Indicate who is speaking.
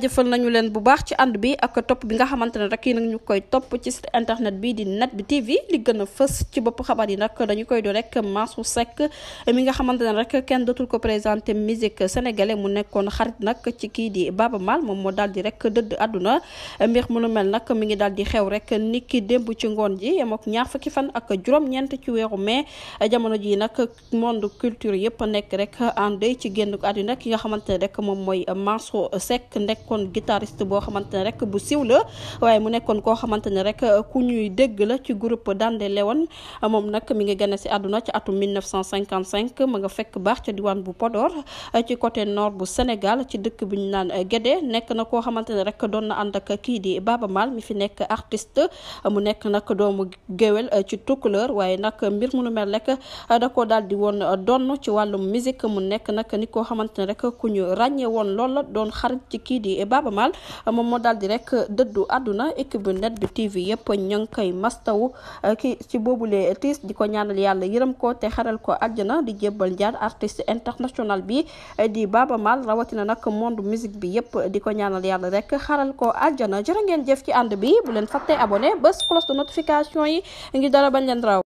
Speaker 1: jëfal nañu leen bu baax ci ànd bi ak topp bi nga xamante ne rek yi nag ñu koy topp ci site internet bi di net bi tv li gën fës ci bopp xabar yi nag dañu koy do rek Mansour sekk mi nga xamante ne rek kenn dootul ko présenté musique sénégalais mu nekkoon xarit nag ci kii di Baba Maal moom moo daal di rek dëdd àdduna mbir mu nu nag mi ngi daal di xew rek nit ki démb ci ngoon ji mook ñaar fukki fan ak juróom ci weeru mai jamono ji nag monde culture yëpp nekk rek en ci génn àdduna ki nga xamante ne rek moom mooy Mansour Seck kon guitariste boo xamante ne rek bu siw la waaye mu nekkoon koo xamante ne rek euh, ku ñuy dégg la ci groupe Dande Leone moom nag mi ngi gane si àdduna ci atum 1955 ma nga fekk baax ca diwaan bu Podor euh, ci côté nord bu Sénégal ci dëkk bi ñu naan euh, Guédé nekk na koo xamante ne rek doon na ànd ak kii di Baba Maal mi fi nekk artiste mu nekk nag doomu géwel ci Tukulóor waaye nag mbir mu nu mel rek da koo daal di woon donn ci wàllum musique mu nekk nag ni koo xamante ne rek ku ñu ràññee woon lool la doon xarit ci kii di Baba Maal moom moo daal di rek dëddu àdduna équipe bu net bi TV yëpp ña mastawu eh, ki ci boobule tiis di ko ñaanal yàlla yërëm ko te xaral ko àjjana di jébbal njaar artiste international bi eh, di Baba Maal rawatina nag monde musique bi yëpp di ko ñaanal yàlla rek xaral ko àjjana jërë ngeen jëf ci ànd bi bu leen fàtte abonné bés de notification yi ngir dara bañ leen raw